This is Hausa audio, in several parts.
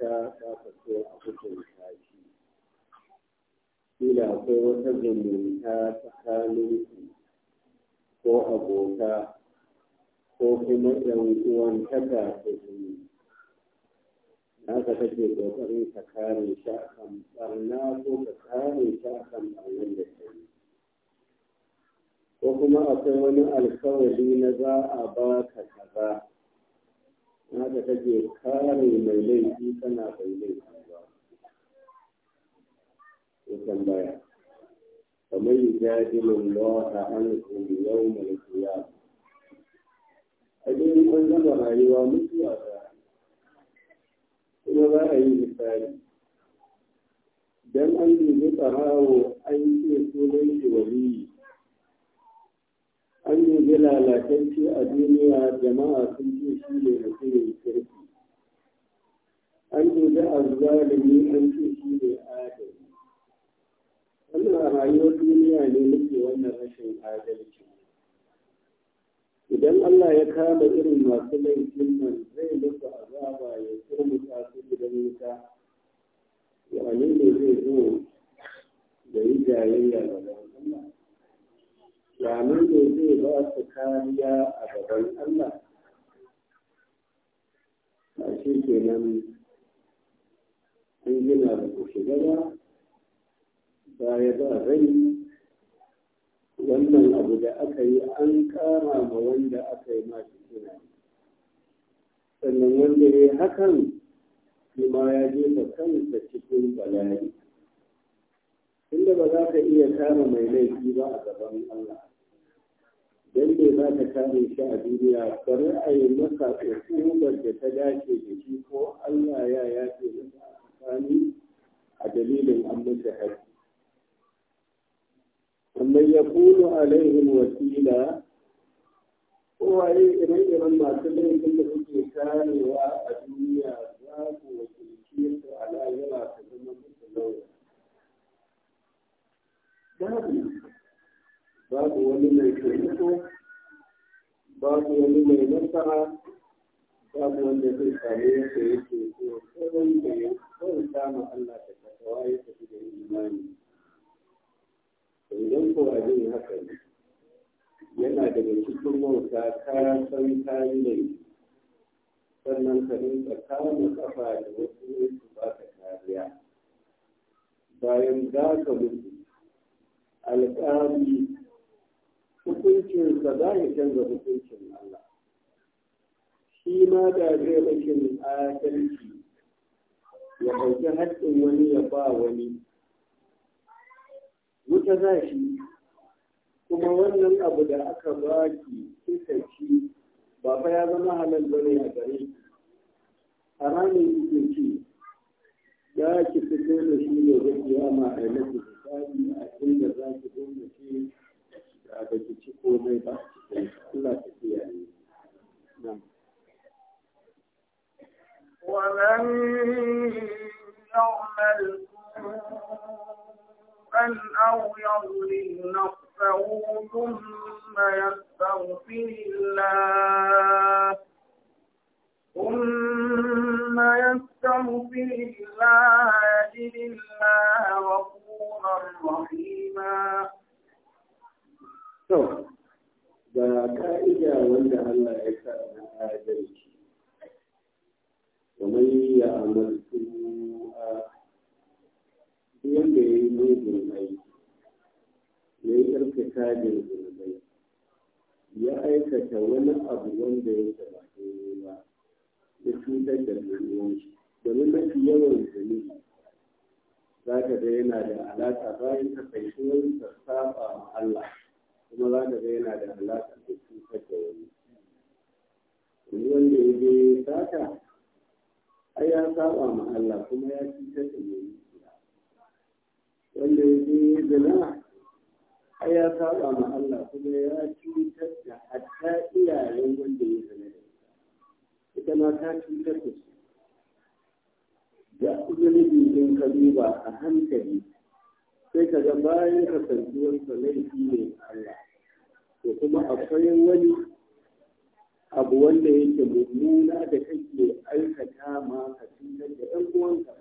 ta ta ka a cikin shaki? kila ko wata zumunta tsakanin ko abota ko kuma ɗan uwantaka da Na haka take kokarin ka kare shi a kan ɓarna ko ka kare shi a kan barnan da shi. ko kuma akwai wani alkawari na za a ba ka kaza haka take kare mai laifi kana bai laifi ba Ya tambaya kamar yi yujadilun laha yau mai qiyam a cikin ɓangaren rayuwa mutuwa ta kuma za a yi misali dan an dubi tsarawo an ce sunan shi waliyi an nemi lalatacce a duniya jama'a sun ce shi ne mutumin kirki an nemi azzalumi an ce shi ne adali wannan rayuwar duniya ne muke wannan rashin adalci idan Allah ya kama irin masu laifin nan zai nufa azaba ya turmuta su gidan nisa, wani ne zai zo da yi jayayya da Allah domin ne zai ba su kariya a gaban Allah. A shi ke nan an gina da ku shiga ba, baya ba rai, wannan abu da aka yi an kama ma wanda aka yi masu gina. Sannan wanda ya hakan, shi ma ya jefa kansa cikin bala'i. Tunda ba za ka iya kama mai laifi ba a gaban Allah. don da za ka kare shi a duniya bari a yi masa hukumar da ta dace da shi ko Allah ya yafe masa a tsakani a dalilin an masa haƙƙi. Amma ya kulu alaihim wasila kowaye ire-iren masu laifin da suke karewa a duniya za ku wakilci su a lahira su zama ta lauya. babu wani mai taimako babu wani mai nasara babu wanda zai samu yadda yake so sai da ya kwanta samu Allah da takawa ya tafi da imani idan ko abin haka ne yana daga cikin wauta ka san kayi ne sannan ka rinka kama kafa da wasu ne su ba ka kariya bayan za ka mutu alƙali hukuncin sa za ya canza hukuncin Allah shi ma da zai rashin adalci ya ɗauki haƙƙin wani ya ba wani wuta za shi kuma wannan abu da aka ba ki kika ci ba fa ya zama halal bane a gare ki haramin kike ce za ki fito da shi ne zai kiyama a yi miki hisabi a inda za ki gwamnati da ba ومن يعمل أن أو يظلم نفسه ثم يستغفر الله ثم يستغفر الله يجد الله رحيما To, ga ka'ida wanda Allah ya sa na adalci, kamar ya amaltu a yadda ya yi mugun aiki, ya yi karkata zurbai, ya aikata wani abu wanda ya taɓa daidai ba, ya cutar da ɗan shi, domin mafi yawan zunubi za ka ga yana da alaƙa bayan ka kai shi wani sassafa Allah. kuma za ka ga yana da alaƙa da cutar da wani yanzu wanda ya je sata ai ya saba ma Allah kuma ya cutar da mai wanda ya je zina ai ya saba ma Allah kuma ya cutar da hatta iyayen wanda ya zina da ita ma ta cutar da shi. da zunubi in ka duba a hankali sai ka ga bayan kasancewarsa laifi ne Allah to kuma akwai wani abu wanda yake mummuna da kake aikata ma ka cutar da ɗan uwanka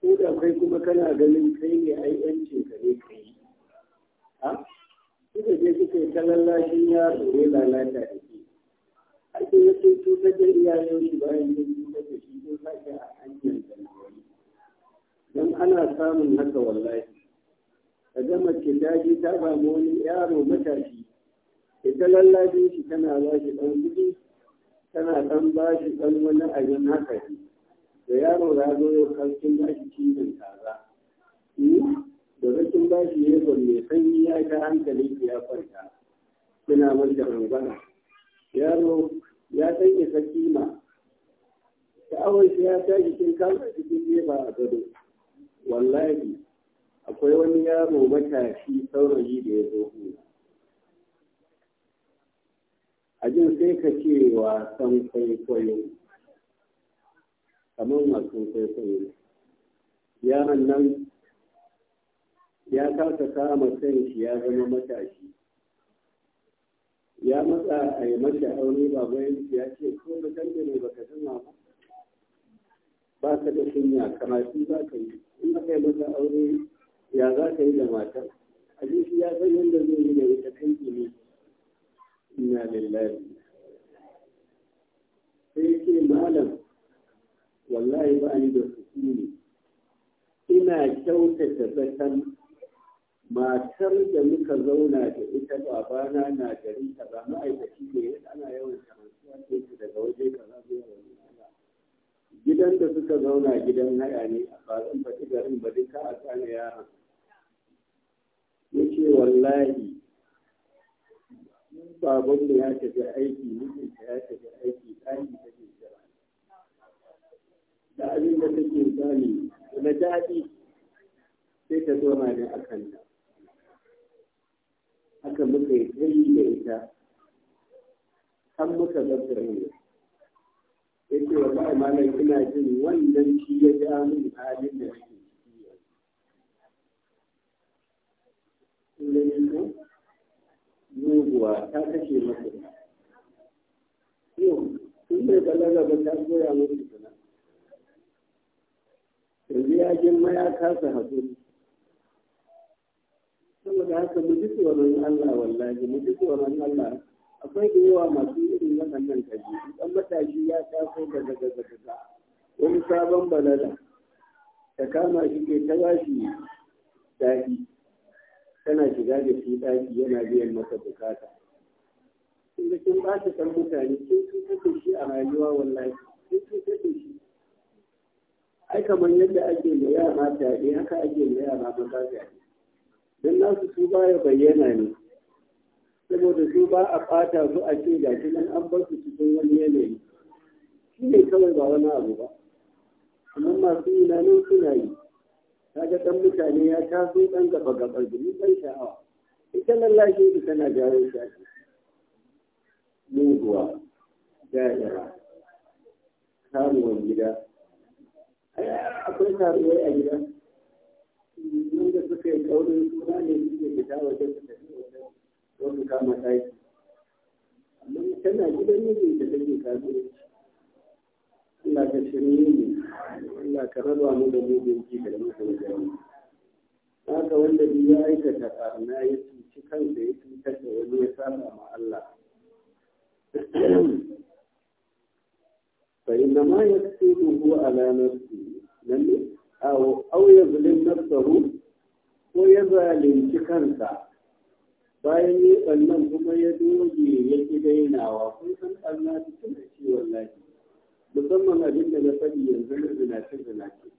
ko da kai kuma kana ganin kai ne ai yanci ka ne ka yi ha je suka yi ta lallashin yaro ne lalata da ke ake yake cutar da iyayen shi bayan yin cutar da shi ko sake a don ana samun haka wallahi ka ga mace ta ta samu wani yaro matashi ita lallabin shi tana ba shi ɗan kuɗi tana ɗan ba shi ɗan wani abin haka da yaro ya zo yau karfin ba shi cizon kaza hmm? da rashin ba shi yebon mai sanyi ya ta hankali ya kwanta suna masa rangana yaro ya san isa kima awon shi ya tashi cikin kama cikin yeba a gado wallahi akwai wani yaro matashi saurayi da ya zo hula a jin sai ka ce wasan kwaikwayo kamar wasan kwaikwayo yaron nan ya kasa kama kan shi ya zama matashi ya matsa a yi mata aure ba bayan ya ce ko da kanka ne baka san ba ba ka da sunya kamar shi za ka yi in aka yi masa aure ya za ka yi da matar hadisi ya san yadda zai yi da ita kai ne inna lillahi sai ce malam wallahi ba ni da sukuni ina kyautata zaton matar da muka zauna da ita babana na gari Ba ma'aikaci ne ana yawan karantuwa ce daga waje kaza zuwa waje gidan da suka zauna gidan haya ne ba zan faɗi garin ba ka a tsane yaran ya ce wallahi babanmu ya tafi aiki mijinta ya tafi aiki ɗaki ta ke jira da abin da take zani na daɗi sai ta zo ne a kanta haka muka yi kai da ita An muka zartar ne ya ce wa ba'a malam kina jin wannan shi ya ja min halin da nake ciki muguwa ta kashe masa yau sun bai balaga ba ta koya masa sana yanzu ya girma ya kasa haƙuri saboda haka mu ji tsoron Allah wallahi mu ji tsoron Allah akwai da yawa masu irin waɗannan ɗabi'u ɗan matashi ya taso daga daga ta wani sabon balala ta kama shi ke ta bashi daɗi tana shiga da shi ɗaki yana biyan masa bukata inda kin ɓata kan mutane kin cutar da shi a rayuwa wallahi kin cutar da shi ai kamar yadda ake da yara fyaɗe haka ake da yara maza fyaɗe don nasu su ya bayyana ne saboda su ba a fata su a ce ga shi nan an bar su cikin wani yanayi shi ne kawai ba wani abu ba amma masu yi nan suna yi kaga dan mutane ya taso dan gaba gaba gini dan sha'awa ita lashe ita tana jawo shafi muguwa da'ira karuwan gida akwai taruwai a gida wanda suka yi kaurin suna ne suke fita wajen suka wasu kama taki amma tana gidan miji da take kasuwanci Allah ka shirye ne Allah ka raba mu da mugun ji da mugun gani haka wanda duk ya aikata karna ya cuci kansa ya cutar da wani ya saba ma Allah fa inna ma yaktubuhu ala nafsi lalle aw aw yazlim nafsahu ko ya zalunci kansa bayan yi ɓallon kuma ya doge ya ki dainawa kun san ɓanna cikin da ciwon wallahi musamman abin da na faɗi yanzu na zinace zinace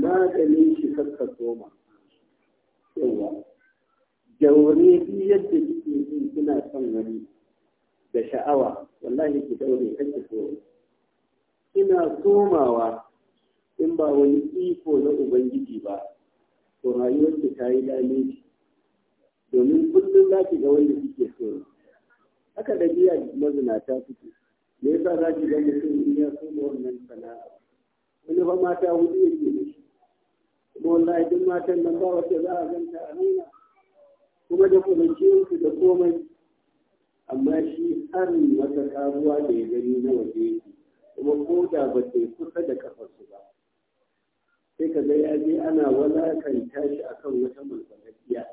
maganin shi kakka soma cewa jaure yadda kike jin kina son wani da sha'awa wallahi ki daure kake so ina somawa in ba wani iko na ubangiji ba to rayuwarki ta yi damage domin kullum za ki ga wanda kike so haka da biya mazinata suke me yasa za ki ga mutum in ya so da wannan sana'a wani fa mata hudu yake da shi kuma wallahi duk matan nan ba wace za a ganta a nuna kuma da kwanciyarsu da komai amma shi har wata karuwa da ya gani na waje yake kuma ko da ba ta kusa da kafarsu ba sai ka ga ya je ana walakanta shi akan wata mulkatakiya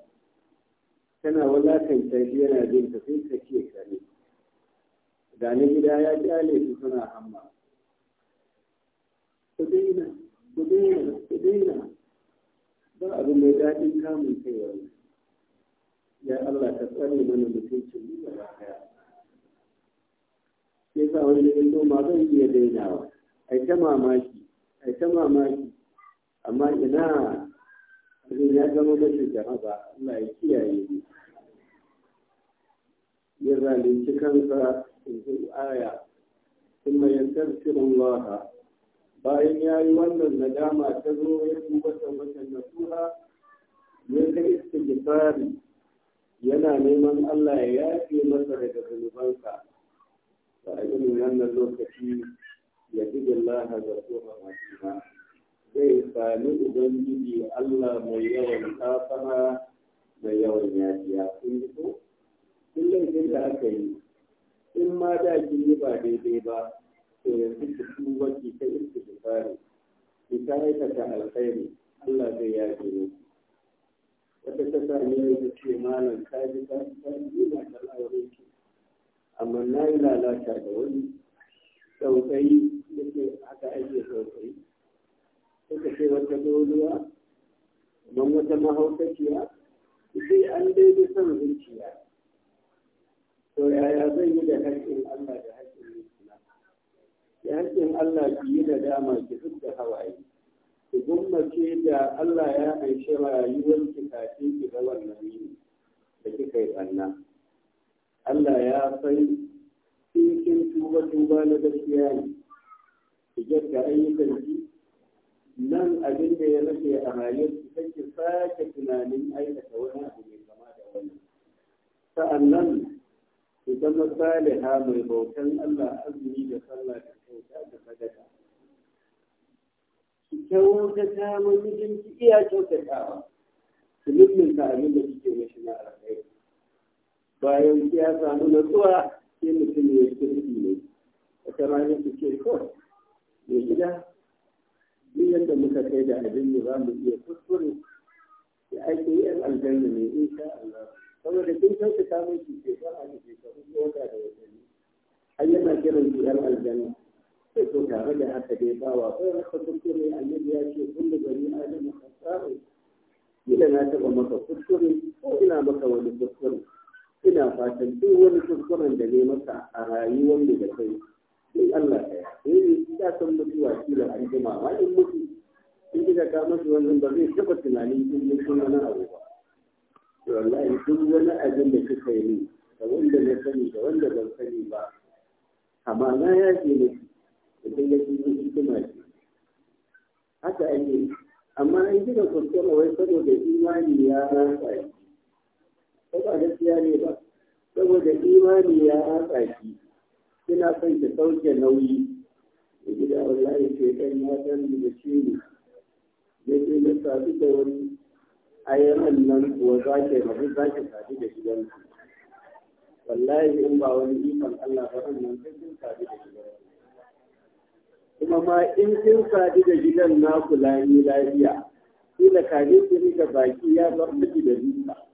tana wulakanta shi yana jin ka sai ka ce kare da ni gida ya kyale shi suna hamma ku daina ku daina ku daina ba abu mai daɗin kamun kai wani ya Allah ka tsare mana mutuncin mu da baya sai sa wani in noma zan iya dainawa ai ta mamaki ai ta mamaki amma ina idan ya zama rashin jaraba Allah ya kiyaye ni ya zalunci kansa yanzu aya kuma ya tafsir Allah bayan ya yi wannan nadama ta zo ya duba tabbatan tura ya ga istighfari yana neman Allah ya yafe masa daga zunubansa ba a irin wannan lokaci ya ji Allah da tsohon hakima sai sami ubangiji Allah mai yawan kafara mai yawan yafiya kun ji ko in laifin da aka yi in ma da kin yi ba daidai ba to yanzu ki tuba ki ta istighfari ki ta aikata alkhairi Allah zai yafe ni wata ta sami ne ta ce malam ka ji ka ji na kalawar ki amma na yi lalata da wani tsautsayi yake haka ake tsautsayi suka ce wata doluwa don wata mahaukaciya sai an daidai son zuciya to yaya zai yi da haƙƙin Allah da haƙƙin Musulma ya haƙƙin Allah ki yi da dama ki duk da hawaye ki gummace da Allah ya aishe rayuwar ki kafin ki ga wannan yini da kika yi ɓanna Allah ya san cikin tuba tuba na gaskiya ne ki gyara ayyukan ki nan abin da ya rage a rayuwar su take sake tunanin aikata wani abu mai kama da wannan sa'annan ki zama saliha mai bautan Allah azumi da sallah da kyauta da sadaka ki kyautata mamijin ki iya kyautatawa ki ta abin da kike mashi na alkhairi bayan ki ya samu natsuwa sai mutum ya kirki ne wata rana ki ce ko mai gida duk yadda muka kai da abin da za mu iya kuskure da ake yi an aljanna ne in sha Allah saboda kin kyautu ta samu ki ke ba a da shekaru da watanni ai yana kiran ki yan aljanna sai to tare da haka dai bawa kai haka kuskure annabi ya ce kullu bari adamu khata'u kila na taɓa maka kuskure ko ina maka wani kuskure ina fatan duk wani kuskuren da ne maka a rayuwar da kai in Allah ya yi eh, ya san mutuwa kila an jima amma in mutu in kika ka masu wannan ba zai taɓa tunanin in mutu wani abu ba to wallahi duk wani abin da kika yi ne da wanda na sani da wanda ban sani ba amma na ya ce ne idan ya ce hikima ce haka ake amma in kika kuskura wai saboda imani ya rasa shi ko ba gaskiya ne ba saboda imani ya rasa shi kina son ki sauke nauyi da gida wallahi ke kan ya san da shi ne ya ce na sadu da wani ayyaman nan kuwa za ke mafi za ki sadu da gidan wallahi in ba wani ikon Allah ba nan sai kin sadu da gidan kuma ma in kin sadu da gidan na kula ni lafiya shi da kaje ki rika baki ya bar miki da duka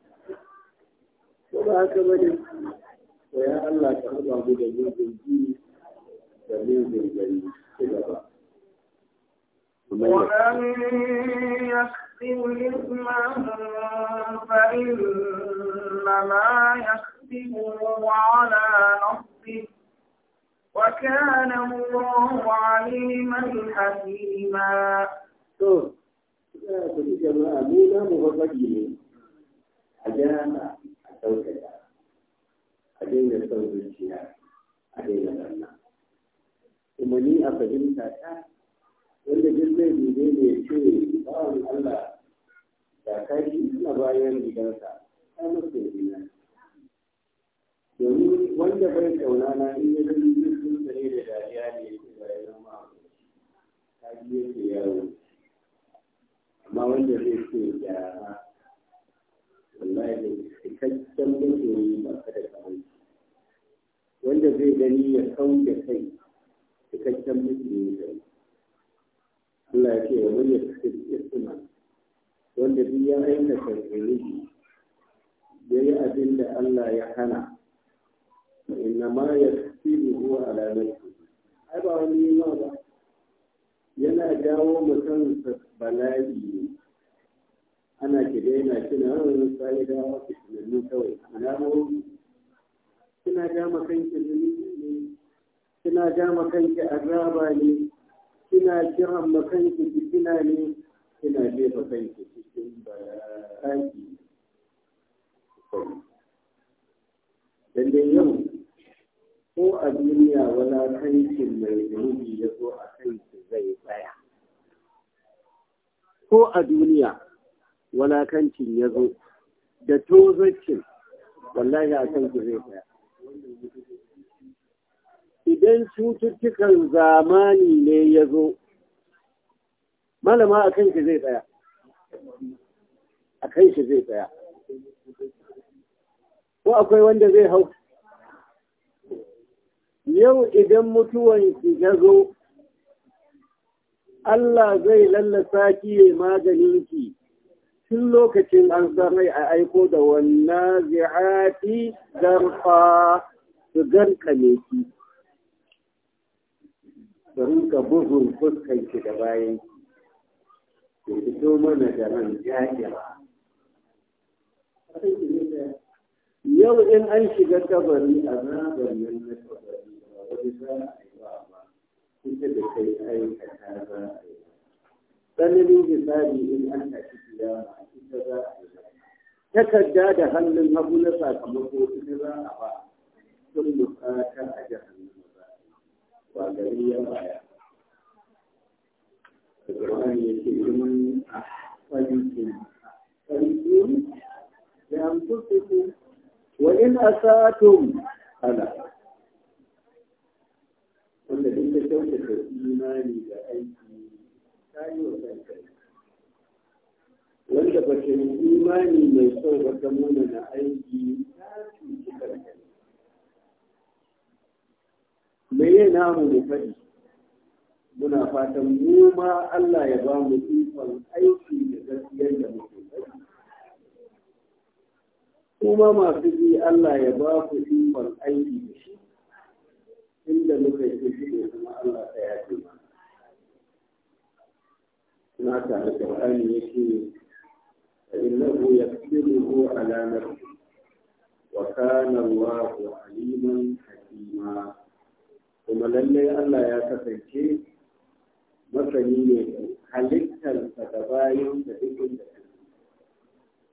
ko ba haka bane ya Allah ka raba mu da mugun ji da ومن يختم إثما فإنما يكسبه على نفسه وكان الله عليما حكيما. يا جماعة مين مغفقين؟ أجانا أتوكل a daina son zuciya a daina ranna kuma ni a fahimta ta wanda duk zai dube ne ya ce bawan Allah da kashi suna bayan gidansa ta masu yanzu domin wanda bai kauna na in ya gani jirgin da da dariya ne ya ce bayan ma ta biye ke yaro. amma wanda zai ce gyara wallahi da cikakken mutum ba ka da kamar wanda zai gani ya sauke kai cikakken musulmi da Allah ya ce wa wani suna wanda duk ya aikata zunubi ya yi abin da Allah ya hana inna ma ya fi zuwa alamai ai ba wani yi ba yana jawo mutum bala'i ne ana ki daina kina ah, wani sai da wasu tunanni kawai alamomi kina ja ma kanki zunubi ne kina ja ma kanki azaba ne kina kiran ma kanki fitina ne kina jefa kanki cikin bala'i dan dai yau ko a duniya wala kankin mai zunubi ya zo a kanki zai tsaya ko a duniya wala kankin ya zo da tozarcin wallahi a kanki zai tsaya idan cututtukan zamani ne ya zo malama a kan zai tsaya a kan zai tsaya ko akwai wanda zai hau yau idan mutuwan shi ya zo Allah zai lallasa ki maganinki tun lokacin an sarai a aiko da wannan zi'ati zarfa su garka garkame ki da rinka bugun fuskanki da bayan ki fito mana da ran jajira yau in an shiga kabari a zaɓar nan na kabari ba wani za a yi ba ba kusa da kai aikata za a yi tsananin hisabi in an tafi kiyama ita za a yi takarda da hannun hagu na sakamako ita za a ba sun bukatar a jahannama hannun a yi ba gari ya baya ya ce a القرآن يكلمون أحسنتم أحسنتم لأنفسكم a أسأتم أنا wanda duk da kyautata imani da aiki wanda ba ta yi imani mai son ba ta muna na aiki ta cuci karkar me ya namu da faɗi muna fatan mu ma Allah ya ba mu ikon aiki da gaskiyar da muke faɗi kuma masu yi Allah ya ba ku ikon aiki da shi inda muka yi shi ne kuma Allah ta yafe mu naka alƙur'ani yake fa innahu yaktibuhu ala nafsi wa kana Allahu aliman hakima kuma lallai Allah ya kasance masani ne halittarsa da bayan da duk inda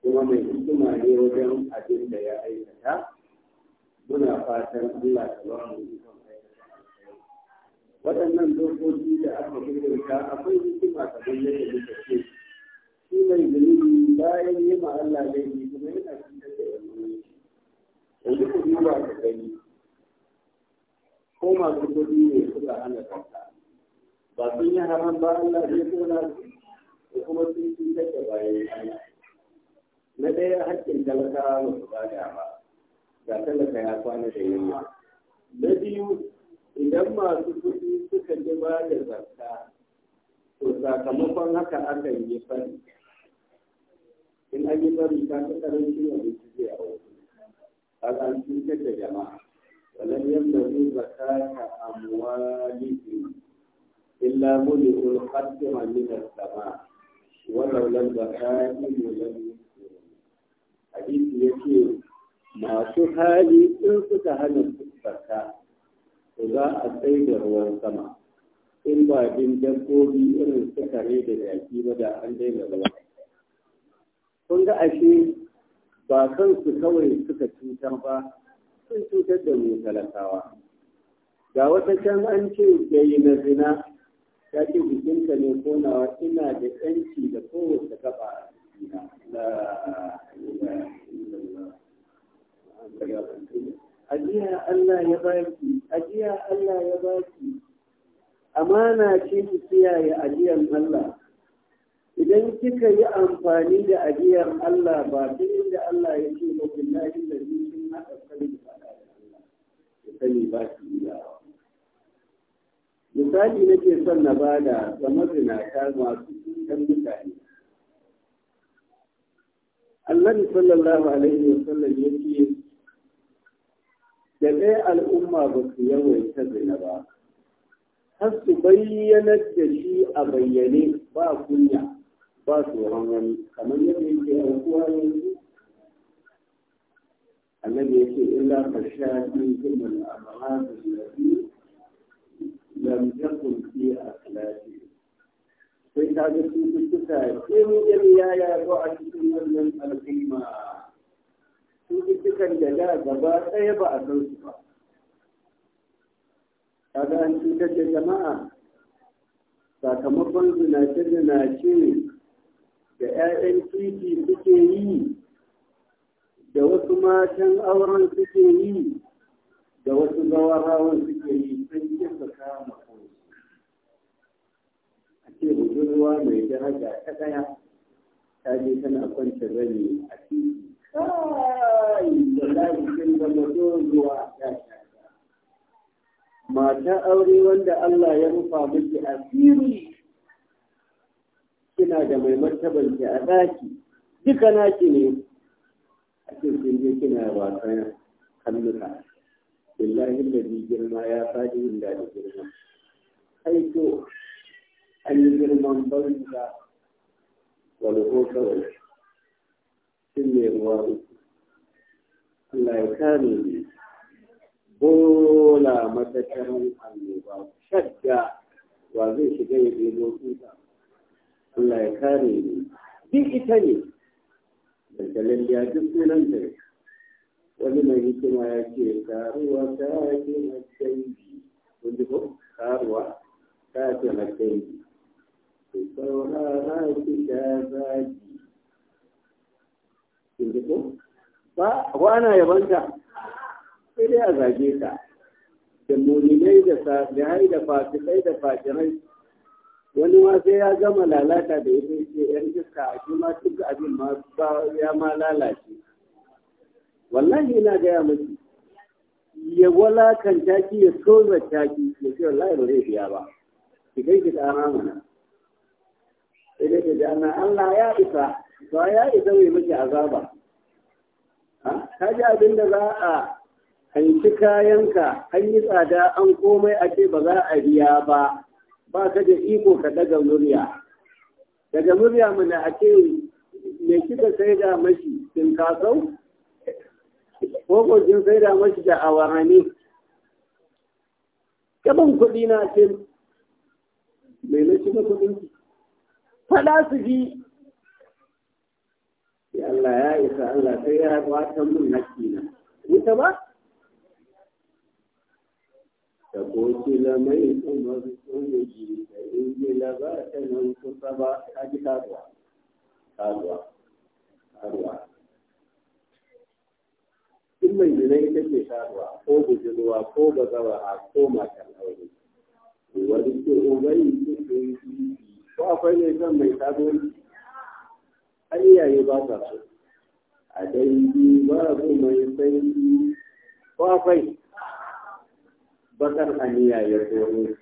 kuma mai hikima ne wajen abin da ya aikata muna fatan Allah ta ba mu ikon waɗannan dokoki da aka rubuta akwai hikima kamar da muka ce shi mai zunubi bayan yi ma Allah laifi kuma yana cutar da yanzu yanzu ku duba ka gani ko masu kuɗi ne suka hana kanka ba sun yi haram ba Allah zai tona su ko kuma sun cutar da bayan Allah na ɗaya haƙƙin talakawa ba su ba da ba ga talaka ya kwana da yunwa na biyu idan masu kuɗi suka ji ba da zakka to sakamakon haka aka yi fari in an yi fari ta fi ƙarancin abinci zai a wasu an cutar da jama'a walan yadda zai ka zakata amwalihim illa muli'ul khatima min as-sama walau lam zakati lam hadisi yace masu hali in suka hana zakka za a sai da ruwan sama in ba bin dabbobi irin su kare da jaki ba da an daina ruwa kun ga ashe ba kansu kawai suka cutar ba sun cutar da mu talakawa ga wata can an ce yi na zina ta ce jikinka ne konawa ina da yanci da kowace gaba a ajiya Allah ya baki ajiya Allah ya baki amana ce ki kiyaye ajiyar Allah idan kika yi amfani da ajiyar Allah ba sai da Allah ya ce ba billahi da sun hada kai da Allah ya sani ba ki da misali nake son na bada ga mazinata masu kan mutane Allah sallallahu alaihi wasallam yake da ɗaya al'umma ba su yawaita zina ba har su bayyanar da shi a bayyane ba kunya ba tsoron wani kamar yadda yake yankuwa yanzu annabi ya ce illa ka sha min kumin amalatu nabi lam yakun fi akhlaqi sai ta ga cututtuka in in ya yazo a cikin wannan al'umma cututtukan da da gaba ɗaya ba a san su ba kaga an cutar da jama'a sakamakon zinace-zinace da 'ya'yan titi suke yi da wasu matan auren suke yi da wasu zawarawan suke yi sun yi su kama a ce budurwa mai daraja ta ɗaya ta je tana kwance rani a titi Mata aure wanda Allah ya rufa miki asiri kina da mai ki, a daki duka naki ne a cikin je kina wasan kalluka billahi da girma ya faɗi inda da girma kai to an yi girman banza wani ko kawai cikin mai ruwa uku Allah ya kare ni bola matakarin annoba shadda wa zai shiga ya ɗebo tuta Allah ya kare ni duk ita ne dangalin ya duk sunan da wani mai hikima ya ce karuwa ta ake matsayi wanda ko karuwa ta ake matsayi saurara ki ta zagi yanzu ko ba ko ana yabanta sai dai a zage ta da muminai da sahihai da fasikai da fajirai wani ma sai ya gama lalata da ita ce yan iska a shi ma duk abin ma ya ma lalace wallahi ina gaya miki ya walakan taki ya soza taki ya ce wallahi ba zai biya ba ki kai ki tsara mana sai dai ka ji Allah ya isa ba ya isa mai miki azaba Ta ji abin da za a hanci kayanka an yi tsada an komai a ce ba za a biya ba ba ka da iko ka daga murya daga murya mana a ce me kika sai da mashi kin kasau ko ko kin sai da mashi da awarani kaban kuɗi na ce mai na shi kuɗin faɗa su ji sai Allah ya isa Allah sai ya wata mun haƙƙi na ita ba ta koki lamai kuma sun da ji da ingila ba ta nan kusa ba ta ji karuwa karuwa karuwa in mai zina ita ce karuwa ko bujirwa ko bazawa ko matan aure wani ke ubayi ko akwai ne zan mai sabuwar ai ba ta so a dangi babu mai sanyi kwafai bakar aniya ya zoro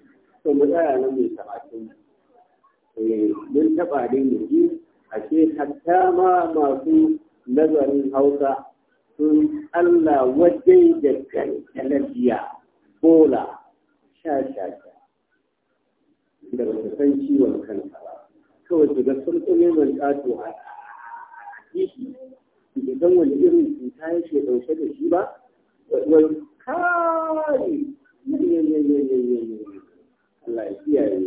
to mu tsaya nan mai talatin eh, mun taɓa da yanzu. ashe hatta ma masu nazarin hausa sun allah wajen da kankanar biya bola sha sha sha da ba san ciwon kansa ba kawai su sun mai ƙato haka idan wani irin cuta yake ɗauke da shi ba wai kawai Allah ya a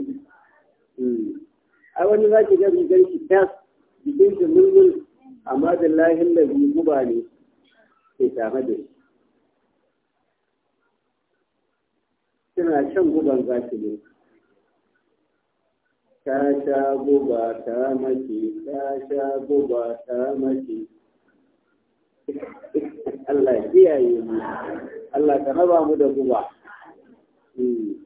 hmm. wani za ki gani gan shi tas jikin shi mulmul amma guba ne ke tare da shi shan guban za ne Ka sha guba ta maki ka sha guba ta maki Allah kiyaye mu Allah ka raba mu da guba hmm.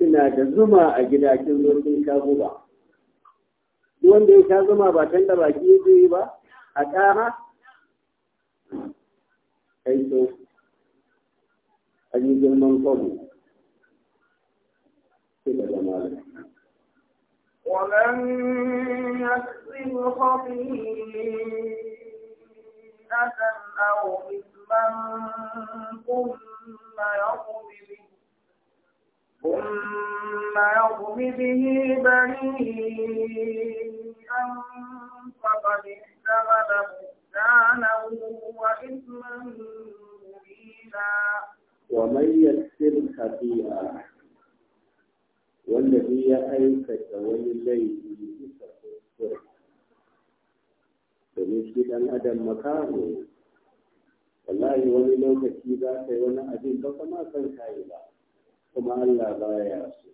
ina da zuma a gida kin zo kin sha guba wanda ya sha zuma ba can da baki zai ba a ƙara kai so a yi girman kwabo sai da zama ومن يكسب خطيئة أو إثما ثم يقم به ثم يقم به بريئا فقد احتمل بهتانا وإثما مبينا ومن يكسب خطيئة wanda duk ya aikata wani laifi bisa kuskure domin shi dan adam makaho wallahi wani lokaci za ka yi wani abin ba kuma san kayi ba kuma Allah baya so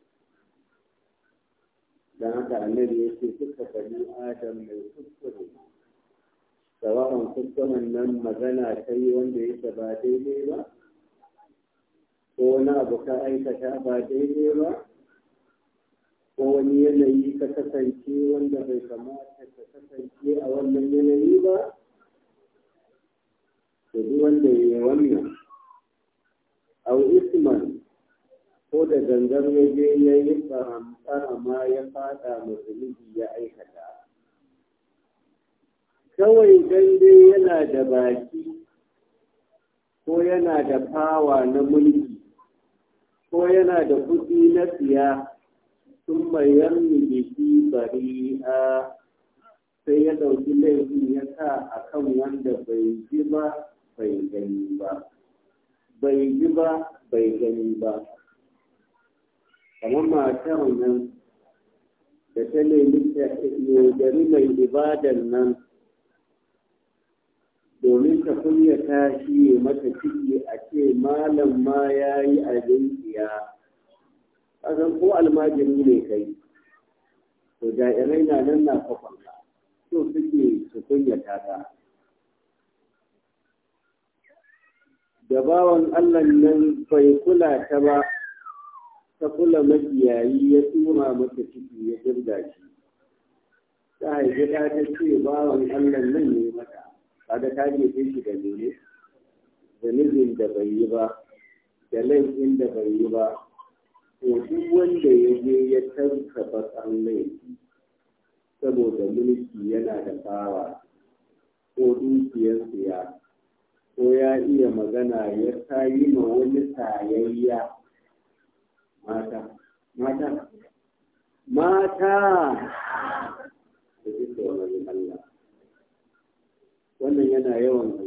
dan haka annabi ya ce duka bani adam mai kuskure sawaran kuskuren nan magana ta yi wanda yake ba daidai ba ko wani abu ka aikata ba daidai ba ko wani yanayi ka kasance wanda bai kamata ka kasance a wannan yanayi ba da duk wanda ya wannan au isman ko da gangar waje ya yi ma ya fada musulmi ya aikata kawai dande yana da baki ko yana da fawa na mulki ko yana da kuɗi na siya sun bayan bihi bari'a sai ya dauki laifin ya sa akan wanda bai ji ba bai gani ba bai ji bai gani ba kamar matar nan da ta nemi yaudari mai ibadan nan domin ta kunya ta shi mata ciki a ce malam ma ya yi abin azan ko almajiri ne kai to jairai na nan na kwakwalla so suke su kunyata ta da bawan allah nan bai kula ta ba ta kula makiyayi ya tura mata ciki ya jirga shi ta haifi ta ta ce bawan allah nan ne mata kada ta sai shi da mene da da bai yi ba da laifin da bai yi ba to duk wanda ya je ya tanka bakan laifi saboda mulki yana da bawa ko dukiyar siya ko ya iya magana ya yi ma wani sayayya mata mata mata da duka wani Allah wannan yana yawan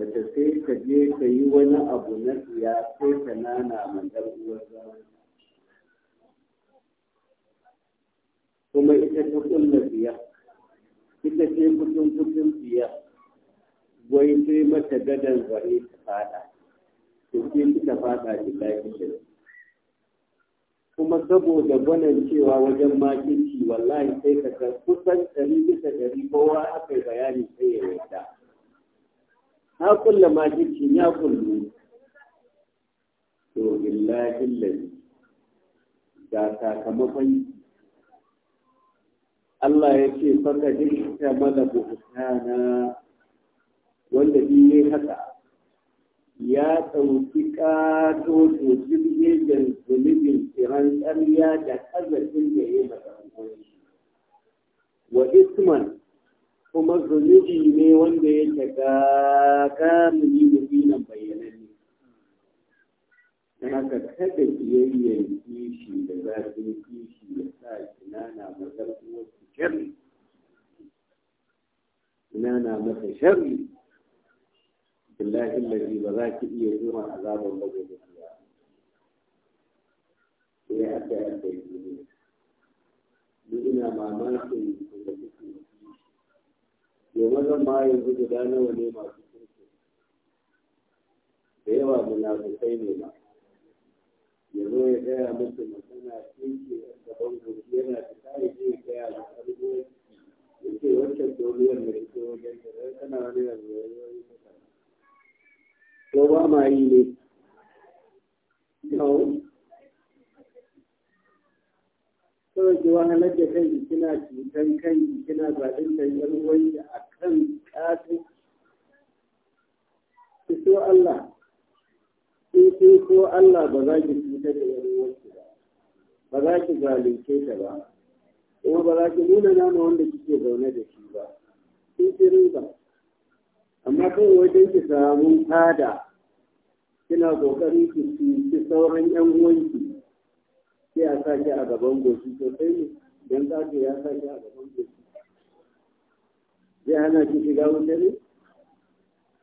mace sai ka je ka yi wani abu na siya sai ka nana mandar uwar zaman kuma ita ta kulla siya ita ce kutun kutun siya wai sai mata gadon zare ta fada ta sai kika fada ki lafiya kuma saboda gwanan cewa wajen makinci wallahi sai ka kusan ɗari bisa ɗari kowa aka yi bayani sai ya yarda na kulla makirci ya kullu to billahi lillahi ga sakamakon Allah ya ce faka dinka mala buhtana wanda bi yayi haka ya ɗauki ƙato to jirgin da zunubin tsiran ƙarya da ƙazafin da ya yi masa wa isman kuma zunubi ne wanda yake ga kamuni mubinan bayyananne Na haka kada kiyayyar kishi da zafin kishi ya sa kinana mazar wasu sharri na masa sharri billahi allazi ba za ki iya zuwa azabar bagobe ba sai aka yi aka yi duk ina mamakin domin zan ma yanzu guda nawa ne masu kirki da yawa munafukai ne ma ya zo ya gaya musu magana kirki a gaban gobe yana fita ya je ya gaya da karfi ya ce wancan doriyar mai ita wajen da zai kana wani yanzu ya yi ko ba ma yi ne kawai ki wahalar da kanki kina cutan kanki kina zalunta yan wani a kan ƙasa ki so Allah ki so so Allah ba za ki cutar da yan wani ba ba za ki zalunce ta ba kuma ba za ki nuna nama wanda kike zaune da shi ba Ki ci riba amma kawai wajen ki samu fada kina ƙoƙari ki ci sauran yan wanki. sai a sa shi a gaban goshi sosai ne don ƙato ya sa shi a gaban goshi zai hana shi shiga wuta ne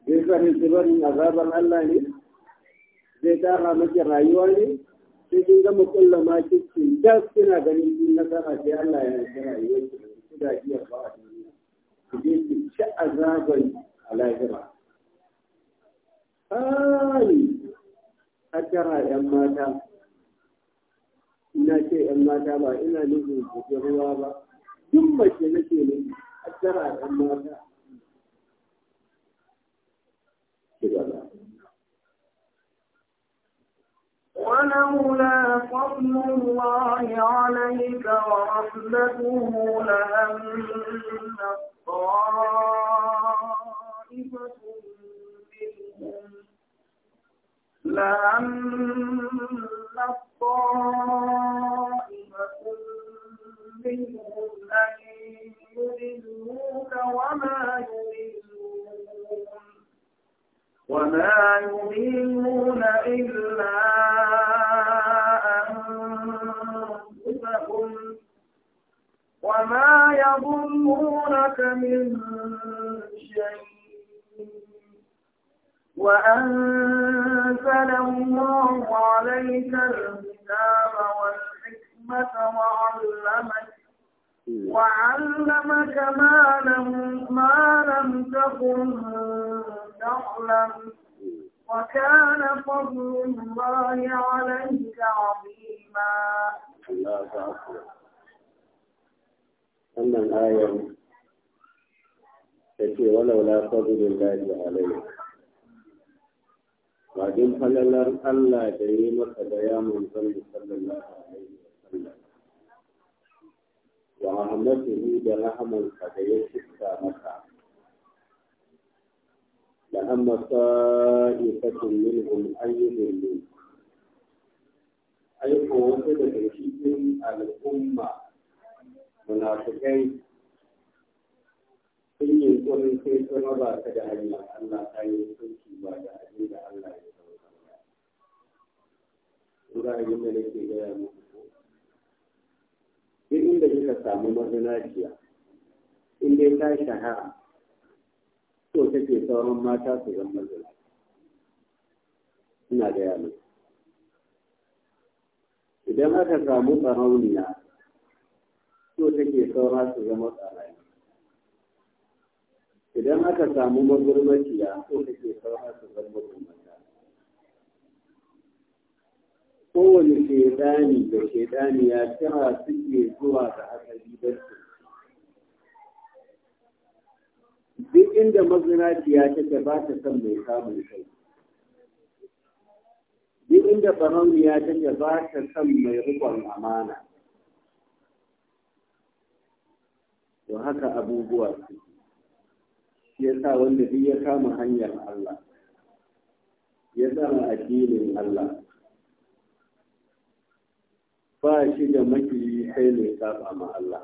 zai sa shi tsibirin azabar Allah ne zai tara maki rayuwa ne sai kin gama kulla ma cikin da kina ganin kin nasara sai Allah ya yi rayuwar ki da iya ba a duniya ki je ki ci azaban a lahira ai a tara 'yan mata ina ce ‘yan mata ba ina nufin kuɗin ruwa ba duk mace nake nufi a tara ‘yan mata ولولا فضل الله عليك ورحمته لهم طائفة منهم لهم كانت طائفة منهم أن يضلوك وما يضلون وما يضلون إلا أنفسهم وما يضرونك من شيء وأنزل الله عليك الكتاب والحكمة وعلمك وعلمك ما لم ما لم تكن تعلم وكان فضل الله عليك عظيما. الله أكبر. أما الآية التي ولولا فضل الله عليك ba din Allah da yi maka da ya manzon da sallallahu alaihi wa sallam wa rahmatuhu da rahamansa da ya shifta maka da an masa'ifatun minhum ayyubin min aiko wasu daga ɗin al'umma munafikai sun yi kurin sai sun raba ka da hanyar Allah ta yi sulki ba da abin da Allah ya kura abin da nake gaya muku duk inda kika samu mazinaciya in dai ta shahara to take sauran mata su zama mazina ina gaya muku idan aka samu tsarauniya so take saura su zama tsarani idan aka samu magurmaciya so ke saura su zama kowane shaidani da shaidani ya kira suke zuwa da asali don duk inda mazinaciya take ba ta san mai samun kai duk inda barauniya take ba ta san mai rikon amana to haka abubuwa su shi ya sa wanda duk ya kama hanyar Allah ya tsara addinin Allah ba shi da makiyi sai mai saba ma Allah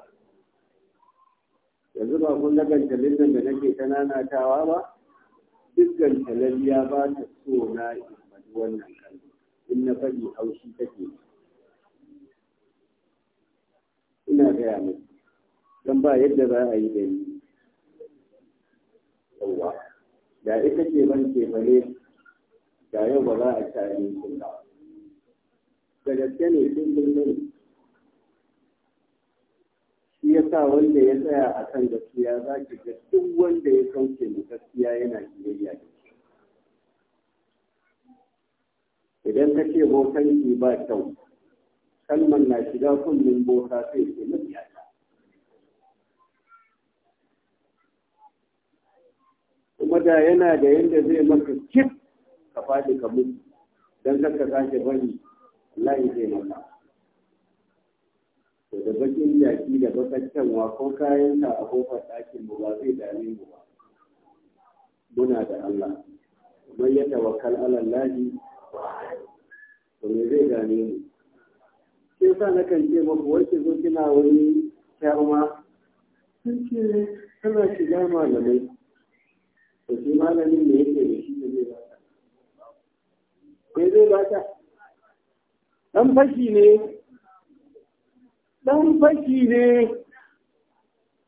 yanzu ba kun daga talibin da nake ta tawa ba dukkan talabiya ba ta so na imani wannan kalli, in na faɗi haushi take ina gaya mai don ba yadda za a yi da ni yauwa da ita ce ban ce da yau ba za a tare ni ba da gaske ne sun ne shi ya sa wanda ya tsaya a kan gaskiya za ki ga duk wanda ya kauce mu gaskiya yana biyayya da shi idan ka ce bokanki ba kyau kalmar na shiga kullum boka sai ke mafiya kuma da yana da yadda zai maka kif ka faɗi ka mutu don ka sake bari wallahi zai maka to da bakin jaki da bakan canwa ko kayan ka a kofar ɗakin mu ba zai dame mu ba muna da Allah man ya tawakkal ala Allah to me zai dame mu shi yasa na kan ce muku ke zo kina wani kyarma sun ce tana shiga malamai to shi malamin ne yake da shi da zai ba Me zai ba ka ɗan fashi ne ɗan fashi ne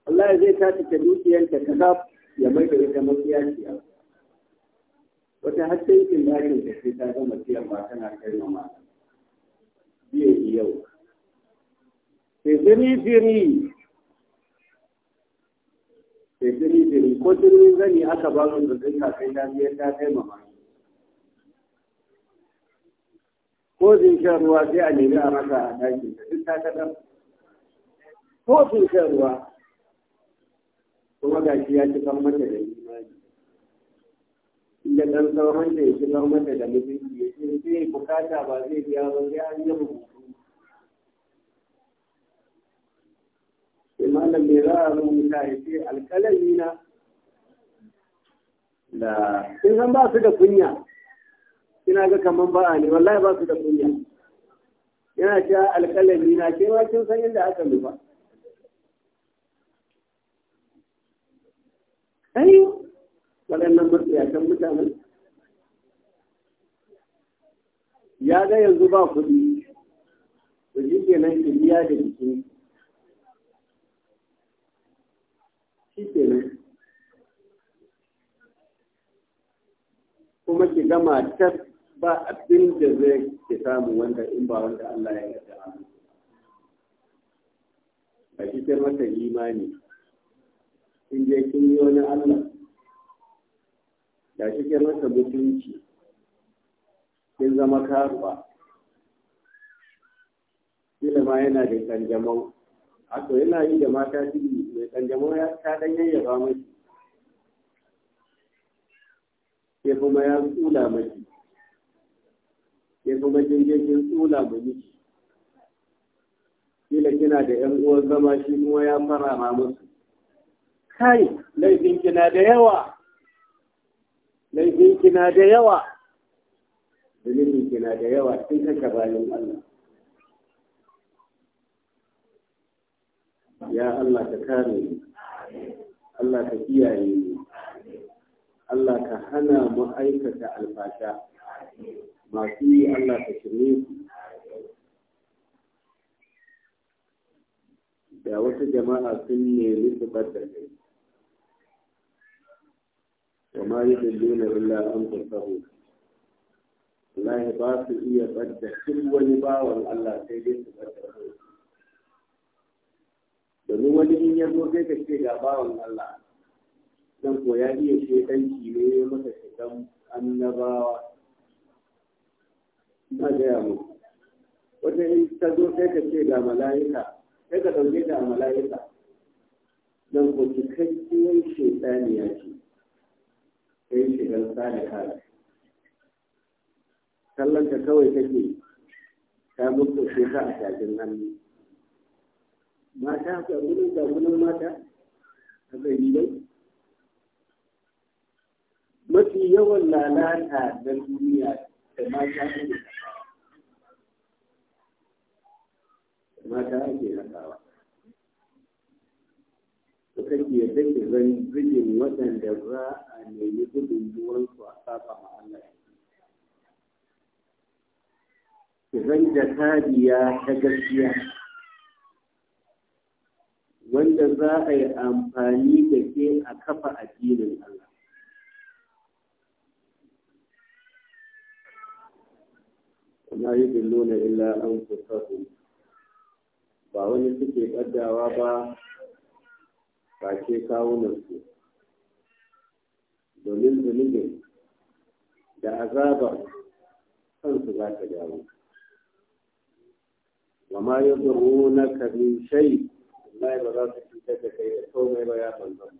Allah zai ta ta dukiyanta ta za ya mai da ita mafiyaciya wata cin dakin da sai ta gama siyarwa tana kai ma Biye biye yau sai firi firi sai firi firi ko turin zani aka ba su da kai ta kai ta kai ma ko zai shan ruwa sai a nemi a masa a ɗakin duk ta kaɗan ko sun shan ruwa kuma ga shi ya ci kan mata da imani inda ɗan sauran da ya ci kan mata da mutunci ya ce zai bukata ba zai biya ba sai an yi rubutu sai malam mai za a rubuta ya ce alƙalami na da sun san ba su da kunya kina ga kaman ba ne wallahi ba su da kunya yana cewa alƙalami na ke ma kin san inda aka nufa ai waɗannan matsayatan mutanen ya ga yanzu ba kuɗi da shi kenan kiriya da jiki shi kenan kuma ki gama tas ba abin da zai ke samu wanda in ba wanda Allah ya yarda a ba shi sai masa imani in je kin yi wani Allah da shi sai masa mutunci kin zama karuwa kila ma yana da kanjamau a to yana yi da mata shi mai kanjamau ya ta dan yayyaba mai ke kuma ya tsula mai ya kuma jirgin tsula mu miki kila kina da yan uwan zama shi kuma ya fara ma musu kai laifin kina da yawa laifin kina da yawa zunubin kina da yawa sun kaka bayan Allah ya Allah ka kare ni Allah ka kiyaye ni Allah ka hana mu aikata alfasha masu yi Allah ta shirye ku da wata jama'a sun nemi su bar da kai wa ma yi dalilin illa an tasahu wallahi ba su iya bar da duk wani bawan Allah sai dai su bar da kai domin wani in ya zo sai ka ce ga bawan Allah dan ko ya iya shedanci ne masa shedan annabawa na gaya mu wata in ta zo sai ka ce ga mala'ika sai ka ɗauke ta a mala'ika don ku cikakkiyar shaitaniya ce sai shigar salihar kallon ta kawai take ta mutu ce ta a shafin hannu mata ga gudun ga gudun mata a yi dai mafi yawan lalata na duniya da mata ne mata ake haɗawa suka ke zan zigin waɗanda za a nemi gudunmuwarsu a safa ma Ki zan jakadiya ta gaskiya wanda za a yi amfani da ke a kafa addinin Allah وما illa an أنفسهم ba wani suke ƙaddawa ba ba face kawunansu domin zunubin da azabar kansu za ta dawo wa ma yi na kamin shai yi ba za su cutar da kai da komai ba ya manzan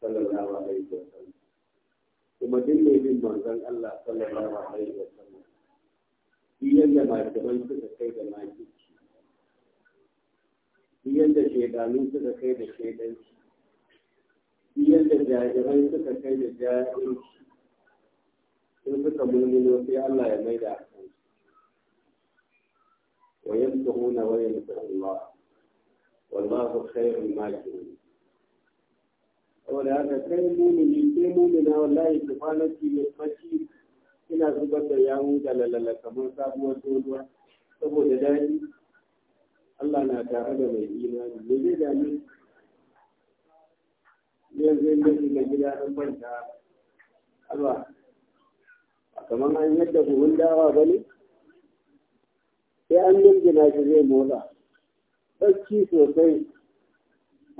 sallallahu alaihi wa sallam kuma duk mai bin banzan Allah sallallahu alaihi wa sallam shi yadda ban suka kai da maki yadda shaidanu suka kai da shaidanci yadda jajirai suka kai da jajiranci sun suka mulmulo sai Allah ya maida a kan wa yamsuhuna wa yamsuhullah wallahu khairul makirin saboda haka kai mumini sai mumina wallahi subhanaki mai fashi ina zubar da yawu da lalala kamar sabuwar doduwa saboda daɗi Allah na tare da mai imani me zai dame zai zai ni da gida an banta alwa a kaman an yadda buhun dawa ba ne sai an jirgina shi zai motsa bacci sosai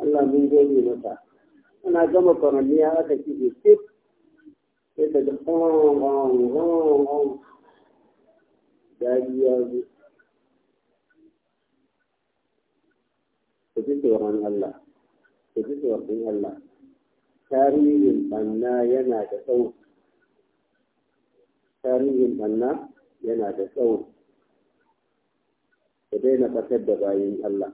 Allah mun gode masa ana gama kwaranniya aka kife tip sai ta ga ɗan ɗan ɗan ɗan ku ji tsoron Allah ku Allah tarihin banna yana da tsawo tarihin banna yana da tsawo ku daina fatar da bayin Allah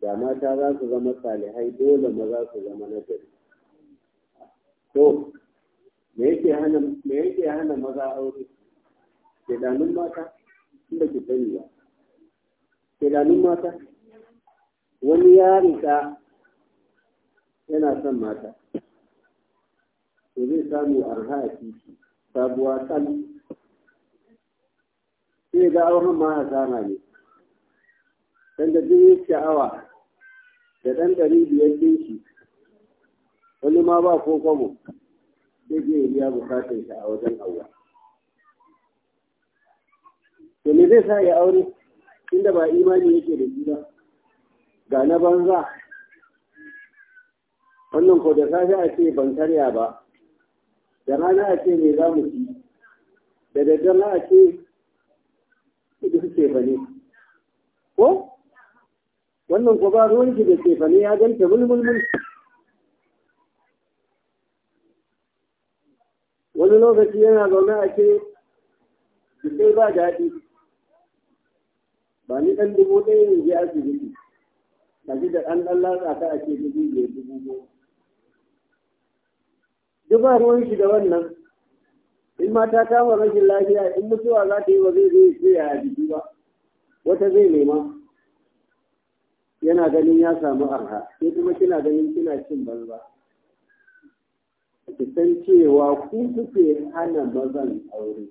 da mata za su zama salihai dole maza su zama nagari to me yake hana hana maza aure ke mata inda ki sani ba ke mata wani ya rika yana son mata to zai samu arha a titi sabuwa kan sai ga auren ma a zama ne dan da duk sha'awa da ɗan ɗari biyar ɗin wani ma ba ko kwamo zai je biya bukatar shi a wajen auren to me zai sa ya aure inda ba imani yake da shi ba ga na banza wannan ko da safe a ce ban karya ba da rana a ce me za mu ci da daddare a ce ido suke fane ko wannan ko ba ruwan ki da ke fane ya ganta mulmulmul wani lokaci yana zaune a ce sai ba daɗi ba ni ɗan dubu ɗaya ne je asibiti ka ji da ɗan ɗan latsa ka a ce dubu biyar dubu goma ba ruwan shi da wannan in ma ta kama rashin lafiya in mutuwa za ta yi ba zai zai sai a jiki ba wata zai nema yana ganin ya samu arha sai kuma kina ganin kina cin banza ki san cewa ku suke hana mazan aure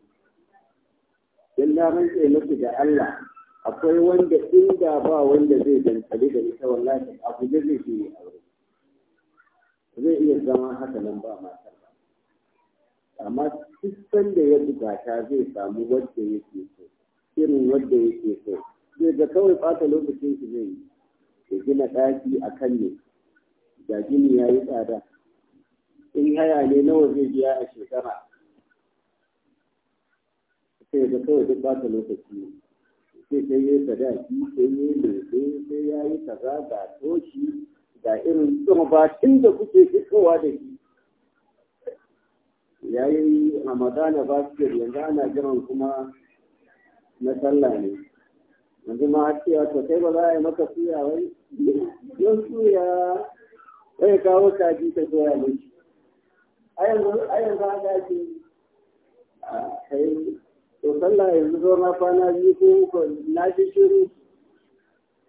dan na rantse muku da Allah akwai wanda inda ba wanda zai dankali da ita wallahi abu da zai yi aure zai iya zama haka nan ba matar amma sistan da ya bukata zai samu wadda yake so irin wadda yake so zai ga kawai fata lokacin shi zai yi ya gina ɗaki a kan ne da gini ya yi tsada in haya ne nawa zai biya a shekara sai ga kawai duk ɓata lokaci ne sai sai ya sadaki sai ya lebe sai ya yi kaza ga toshi ga irin tsumabatin da kuke fitowa da shi ya yi ramadana basket yanzu ana jiran kuma na sallah ne yanzu ma a cewa to kai ba za a yi maka suya wai yau suya wai kawo kaji ta soya ne a yanzu a yanzu haka ake a kai to sallah yanzu zo ma kwana biyu ko uku na ji shiru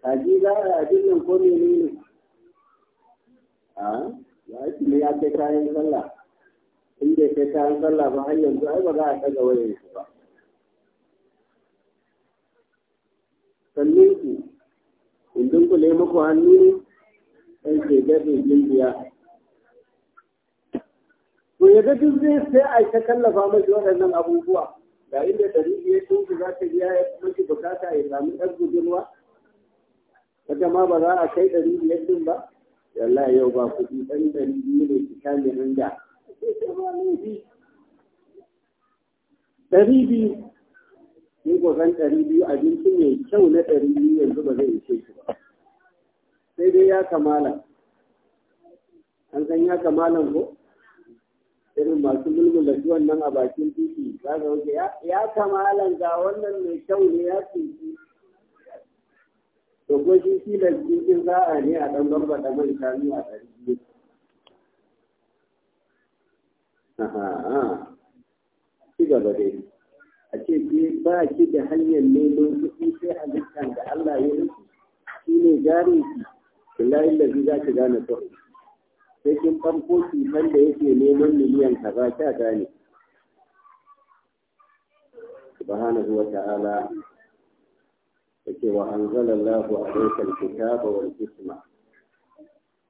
a ji za a abin nan ko mene ne a ah, ya ake ne ya kai kayan sallah in bai kai kayan sallah ba har yanzu ai ba za a ɗaga wayan shi ba sannin ku indin ku muku hannu ne ɗan ke gaɗe biya to ya ga duk zai sai a ta kallafa mashi waɗannan abubuwa yayin da ɗari ya tunzu za ta biya ya miki bukata ya sami ɗan ginwa wata ma ba za a kai ɗari biyar din ba Yalla yau ba kuɗi ɗan ɗari biyu ne ki kame nan da ɗari biyu ni ko san ɗari biyu abinci mai kyau na ɗari biyu yanzu ba zai ishe shi ba sai dai ya kamala an san ya kamala ko irin masu da shiwon nan a bakin titi za ga wuce ya ga wannan mai kyau ne ya tsinci to ko shi cikin za'a ne a ɗan da man shanu a ƙarfi ci gaba dai a ce ke ba ki da hanyar nemo kuɗi sai halittar da Allah ya rufe shi ne jarin ki billahi lafi za ki gane kawai sai kin farko cutar da yake neman miliyan kaza sha gane subhanahu wa ta'ala yake wa anzalallahu alaykal kitaba wal hikma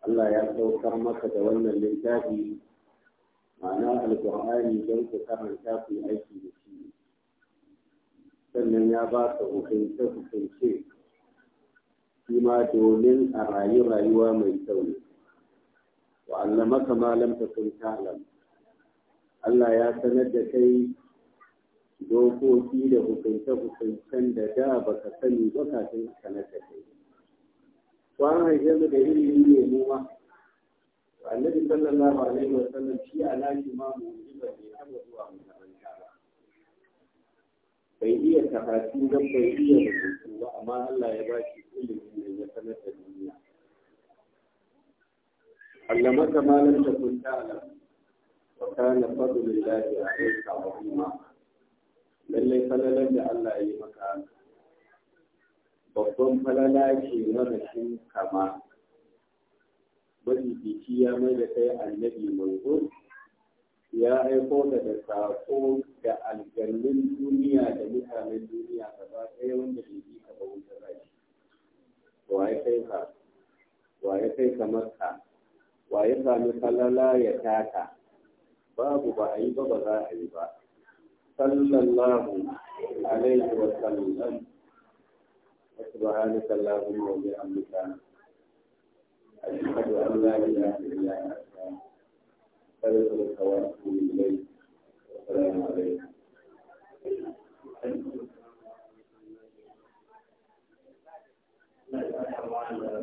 Allah ya saukar maka da wannan littafi ma'ana alqur'ani don ku karanta ku aiki da shi sannan ya ba ka hukunce hukunce shi ma domin a rayu rayuwa mai kyau وعلمك ما لم تكن Allah ya sanar da kai dokoki da hukunce-hukuncen da da baka sani ba kafin sanar da kai. Kwan haife da ilimi ne noma. ma. Annabi sallallahu alaihi wa sallam shi alashi ma mu yi ba ne taba zuwa mu makaranta ba. Bai iya tafafi don bai iya rubutu ba amma Allah ya ba shi ilimi ne ya sanar da duniya. علمك ما لم تكن تعلم وكان فضل الله عليك عظيما lallai falalar da Allah ya yi maka babban falala ke marashin kama mabibici ya mai da kai annabi manzo ya aiko da da sako da aljannin duniya da mutanen duniya gaba ɗaya wanda bai bi ka ba wuta rai wa ya kai ka wa ya kai ka makka wa ya sami falala ya taka babu ba a yi ba ba za a yi ba sallallahu alaihi wa sallam سبحانك اللهم وبحمدك أشهد أن لا إله إلا أنت أستغفرك وأتوب إليك والسلام عليكم Thank you.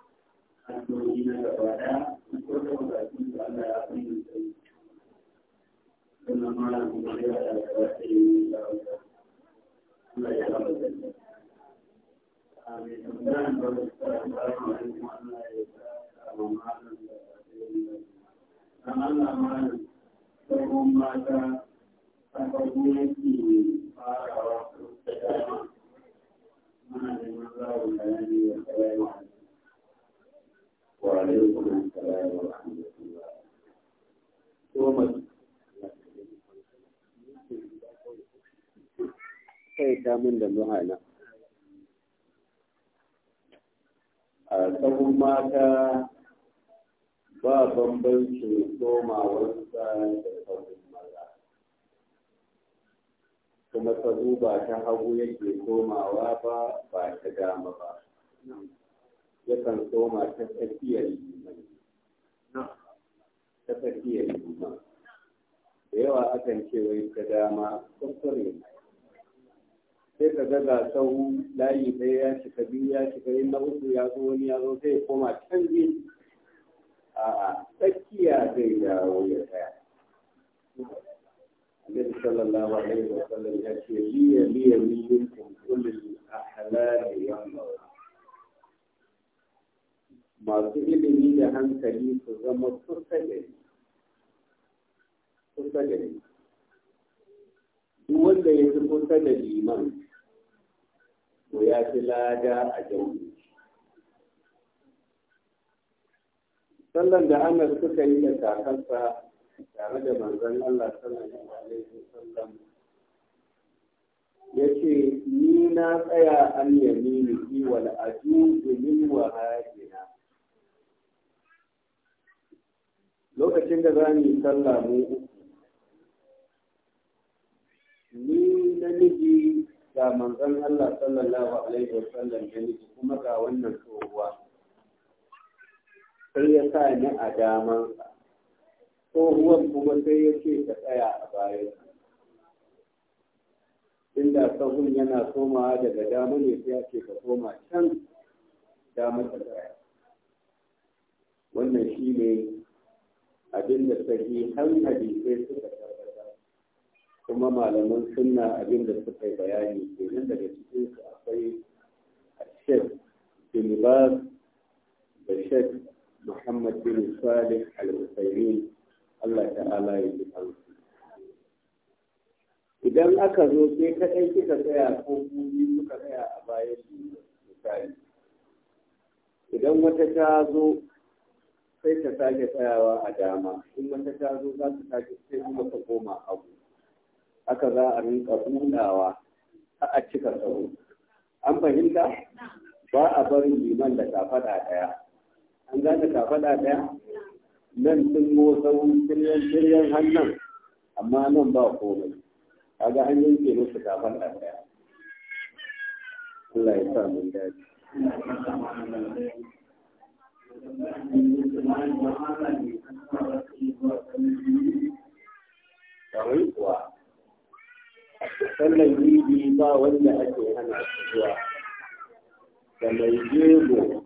hanyoyi na ma ta وعليكم kai ta min da muhana a tsawon mata ba bambancin komawarsa da tsawon maza kuma tsawo ba ta hagu yake komawa ba ba ta dama ba yakan soma ta tsakiyar juna. Da yawa akan ce wai ta dama kusurin. Sai ka ga ga sau layi ɗaya ya shiga biyu ya shiga yin na uku ya zo wani ya zo sai koma can biyu. A'a tsakiya zai dawo ya tsaya. Annabi sallallahu alaihi wa sallam ya ce liya liya liyin kun kulli a halali yamma. masu ilimi da hankali su zama kusa da ni kusa da ni duk wanda ya fi kusa da liman to ya fi lada a jami'i sallan da ana suka yi da kakansa tare da manzon Allah sallallahu alaihi wasallam ya ce ni na tsaya an yamini wal ajuzu min wahajina lokacin da za mu yi sallah mu uku ni namiji ga manzon Allah sallallahu alaihi ya namiji kuma ga wannan tsohuwa sai ya sa ni a dama, tsohuwan kuma sai ya ce ta tsaya a bayan inda sahun yana somawa daga dama ne sai ya ce ka soma can dama ta tsaya wannan shi ne abinda sahihan hadisai suka tabbata kuma malaman sunna abinda suka yi bayani nan daga cikin su akwai Sheikh bin Baz da Sheikh Muhammad bin Salih Al-Utsaimin Allah ta'ala ya ji idan aka zo sai kaɗai kika tsaya ko kuma suka tsaya a bayan misali idan wata ta zo sai ta sake tsayawa a dama in wata ta zo za ta sake sai kuma ta koma abu haka za a rinka hudawa har a cika tsaro an fahimta ba a barin liman da kafada daya an gane kafada daya nan sun motsa shiryen shiryen hannun amma nan ba komai kaga an yanke musu kafada daya Allah ya sa mun dace Kamar kuwa, sallan ba wanda ake hana zuwa, da mai jego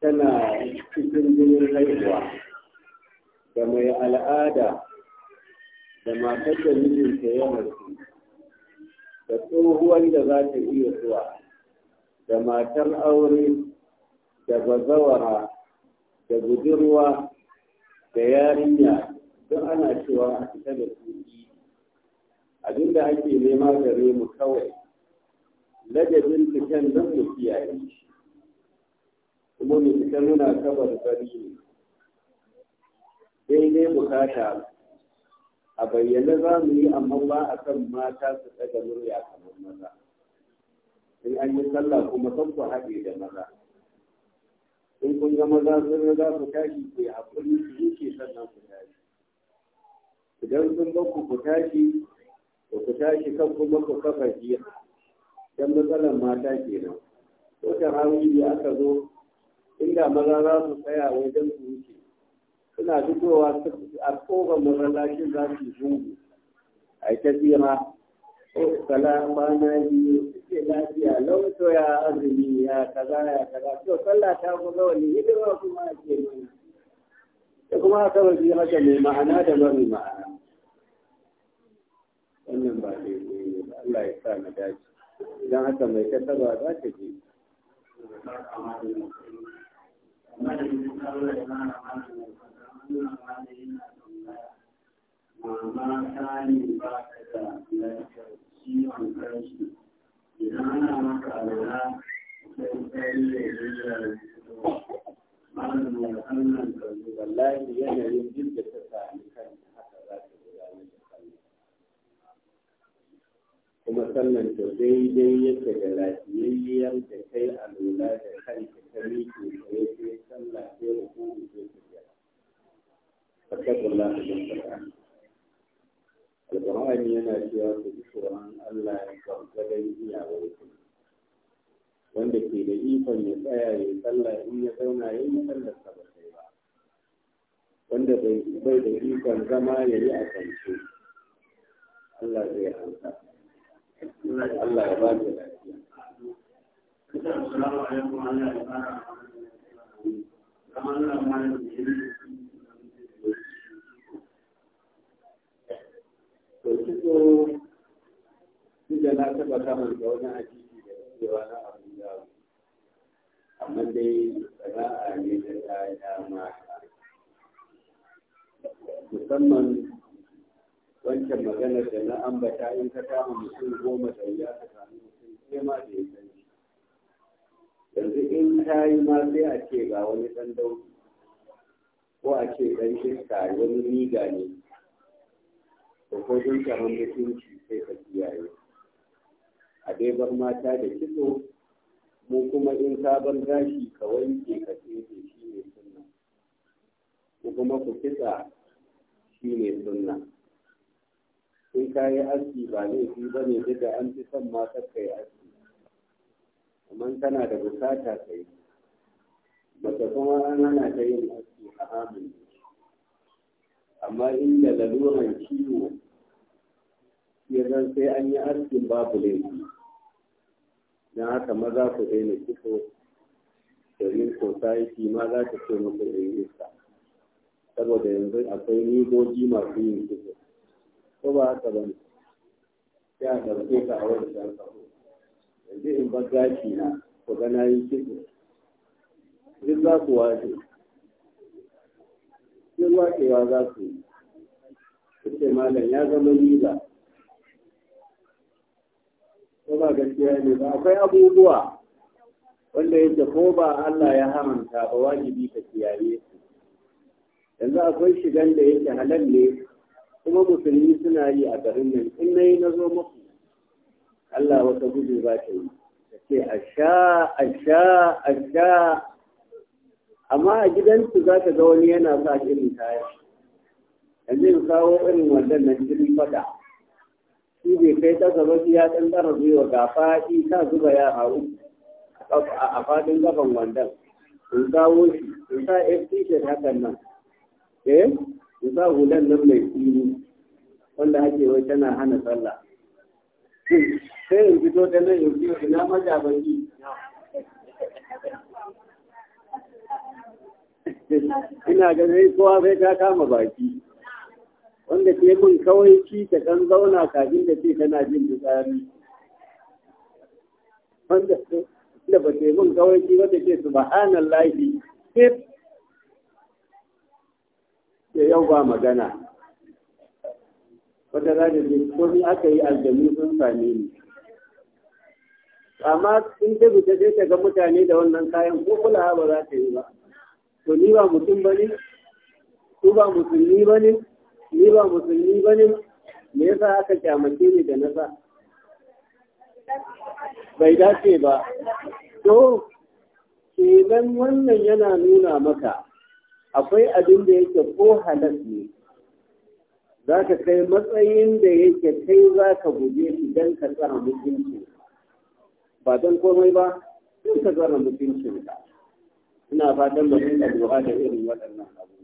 tana cikin jinin haihuwa, da mai al'ada, da matar da mijinta ya rasu, da tsohuwan da za ta iya zuwa, da matar aure da bazawara da budurwa da yarinya don ana cewa a fita da su abinda ake nema gare mu kawai ladabin fitan don mu kiyaye shi kuma mu fita nuna kabar bari ne daidai bukata a bayyane za mu yi amma ba a kan mata su ɗaga murya kamar maza in an yi sallah kuma kan ku haɗe da maza in kun za su sun za su tashi ke a haƙuri su yi ke sannan ku tashi idan sun ba ku ku tashi ba ku tashi kan kuma ku kafa jiya Don matsalar mata kenan ko ta hawi da aka zo inda maza za su tsaya wajen su wuce suna fitowa a kofar masallacin za su yi zungu a yi tafiya sala kwana biyu suke lafiya lauto ya azumi ya kaza ya kaza to sallah ta ku wani hidima kuma ake mana da kuma haka ba su haka mai ma'ana da mara ma'ana wannan ba daidai ne ba Allah ya sa na dace don haka mai kasaba za ta je Mama ta ne ba ta da lafiyar ciwon kanshi da yanayin jin da ta sami kanta haka za ta gudanar da kuma sannan ta daidai yadda da lafiyayyar da kai alwala da kanta ta miƙe ta yana cewa su tsoron Allah gwargwadon iyawarku wanda ke da ikon ya tsaya ya tsalla in ya zauna ya yi tsallar ba sai ba wanda bai da ikon zama ya yi a kance Allah zai hanta Allah ya ba da lafiya da na taɓa kamar da wani ajiyar da cewa na abin yawo amma dai sana'a ne da ɗaya mata musamman wancan maganar da na ambata in ka kama mutum goma da ya ka sami mutum sai ma da ya san shi yanzu in ta yi ma sai a ce ga wani ɗan dauki ko a ce ɗan iska wani riga ne ko ko dun kamar mutunci sai ka kiyaye a dai bar mata da kitso mu kuma in ka bar gashi ka wanke ka tsefe shi ne sunna ku kuma ku kitsa shi ne sunna in ka yi aski ba laifi ba ne duk da an fi son mata ka yi aski amma tana da bukata ka yi bata kuma an hana ta yin aski a amin amma inda laluran ciwo ya zan sai an yi askin babu laifi don haka maza ku daina kitso domin society ma za ta ce muku in iska saboda yanzu akwai nigogi masu yin kitso ko ba haka ba ne sai a ɗauke ka a wani shan yanzu in ba gashi na ku ga na yi kitso duk za ku wace duk wacewa za ku yi ce malam ya zama niza ko ba gaskiya ne ba akwai abubuwa wanda yake ko ba Allah ya haramta ba wajibi ka kiyaye su yanzu akwai shigan da yake halal ne kuma musulmi suna yi a garin nan in na yi na zo muku Allah wata gudu ba ta yi ce a sha a a sha amma a gidansu za ka ga wani yana sa irin kaya yanzu in kawo irin wannan nan jirgin fada shi bai kai ta zama shi ya ɗan ɗara zuwa ga faɗi ta zuba yara uku a faɗin gaban wandan in kawo shi in sa ft shirt hakan nan eh in sa hulan nan mai tsini wanda ake wai tana hana sallah sai in fito ta nan in fito ina majabaci ina ganin kowa sai ta kama baki wanda ke mun kawai ci ta kan zauna kafin da ce tana jin fitsari wanda da ba ta mun kawai ci wata ce subhanallahi tip ya yau ba magana wata za ta ce ko ni aka yi aljami sun same ni amma in ta fita sai ta ga mutane da wannan kayan ko kulawa ba za ta yi ba to ni ba mutum ba ne ko ba musulmi ba ne ni ba musulmi ba ne me yasa aka kyamace ni da nasa bai dace ba to idan wannan yana nuna maka akwai abin da yake ko halas ne za ka kai matsayin da yake kai za ka guje shi don ka tsara mutunci ba don komai ba don ka tsara mutuncinka ina fatan ba da lura da irin waɗannan abubuwa